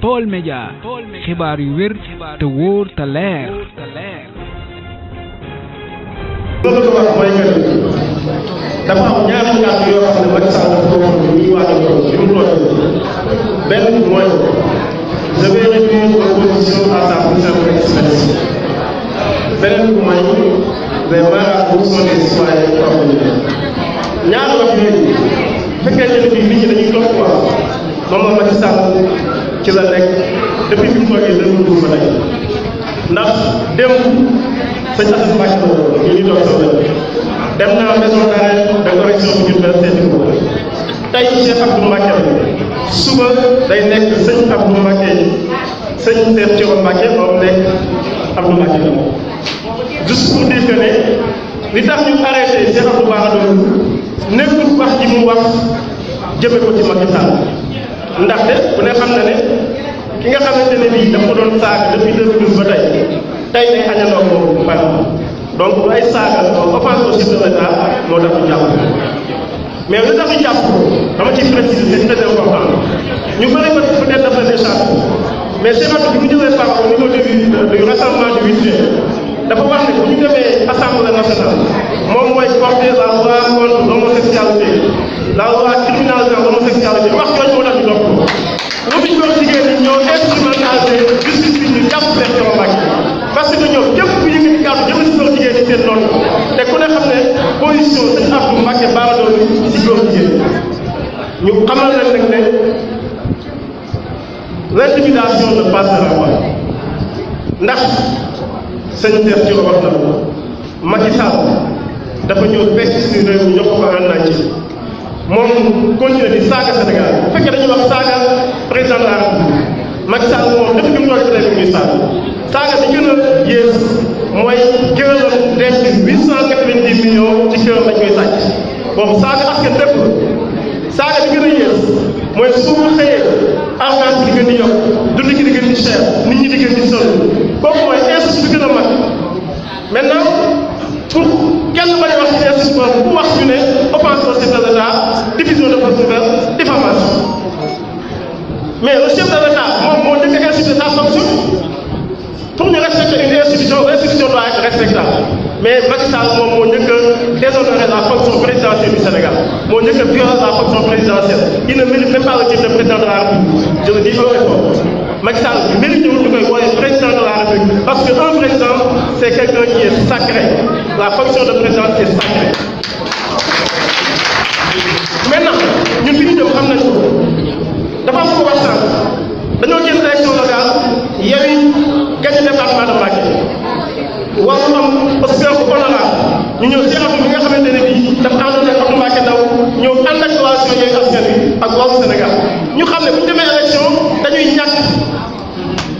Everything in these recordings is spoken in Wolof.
Baol Médias xibaar yu wér te wóor te leer. loolu la wax mooy que a toog bi mooy les marabouts sont des citoyens ordinaires ñaar wax ci la nekk depuis bi mu toogee lan moo dugg fa ndax démb sëñ Assane Mbacke la ñu ngi toog sama dem naa maison d'arrêt de correction bu Diourbel seeti ko tey Cheikh Abdou Mbacke la suba day nekk sëñ Abdou Mbacke sëñ Cheikh Thioro Mbacke nekk Abdou Mbacke la moom juste pour dire ne li tax ñu arrêté Cheikh Abdou Mbacke nekkul wax ji mu wax jëme ko ci Macky ndaxte bu ne xam na ne ki nga xamante ne bii dafa doon saaga depuis deux mille ba tey tey day añandoo ko man donc bu ay de l'État moo tax ñu jàpp mais lu tax ñu jàpp dama ciy préciser c'est très important ñu bëri ba peut-être dafa ne charte mais sénateur bi mu jëlee par au niveau du du rassemblement du 8 juillet dafa wax ne bu moom mooy porter la Mbàkke Baara Dolli ci góor jigéen ñu xamal leen nag ne l'intimidation ne passera pas ndax sëñ Teex ci wax na ko dafa ñëw bés si réew mi ñoo ko fa ànd naa ci moom continué di saaga Sénégal bu fekkee dañuy wax saaga la République Macky Sall moom def ki mu doon def muy saaga saaga bi gën a moom saaga askan bépp saaga bi gën a yées mooy su ma xëyee argent bi di gën di yokk dund gi di gën di cher nit ñi di di sol kooku mooy injustice bi gën a mag pour kenn bañ wax ci injustice boobu bu de l'État diffusion de fausses moom moo njëkk a politique du Sénégal moo njëkk a violer la fonction présidentielle de président de la je le dis haut et fort Macky Sall mérite parce que un président c'est quelqu'un qui est sacré la fonction de ñu xam ne bu ñu demee élection dañuy ñàkk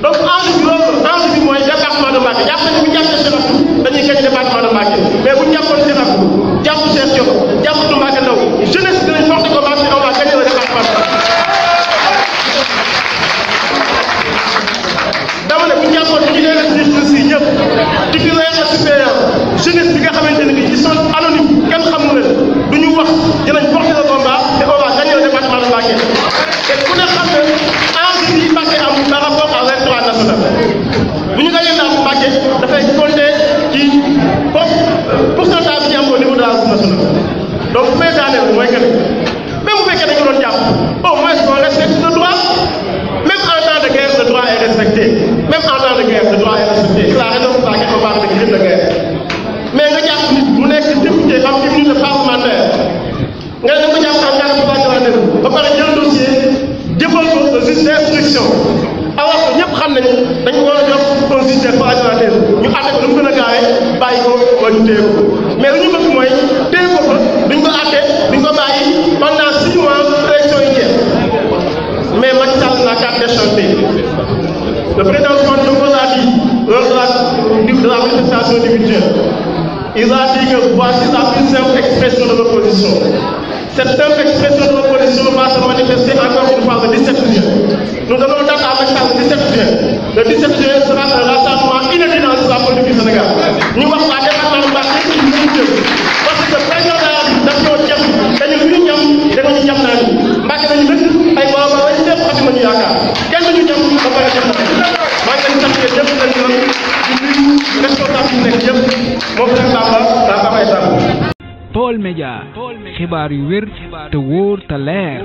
donc enjeu bi loolu enjeu bi mooy département de Mbacké jàpp nañu bu ñu jàppee Cheikh Abdou dañuy gañ département de Mbacké mais bu ñu jàppoon Cheikh Abdou jàpp Cheikh Diop jàpp du Mbacké ndaw jeunesse dinañ porte ko Mbacké on va gagner le département de Mbacké dama ne bu ñu jàppoon ñu élèves ministres yi ñëpp titulaire ak supérieur jeunesse bi nga xamante ne bi ils sont xaaru mandataire nga ne ko jàpp en tant que mandataire ba pare jël dossier jëfal ko juge d'instruction alors que ñëpp xam nañu dañ ko war a jox un juge de ñu àtte ko lu mu gën a gaawee bàyyi ko wala ñu téye ko mais li ñu bëgg mooy. il a dit que voici la plus simple expression de l'opposition. Cette simple expression de l'opposition va se manifester encore une fois le 17 juillet. Nous donnons date à Macky le 17 juillet. Le 17 juillet sera un rassemblement inédit dans la politique du Sénégal. Nous allons à la département de Macky, nous moom nag làmba daa am ay tànk. Baol Média xibaar yu wér te wóor te leer.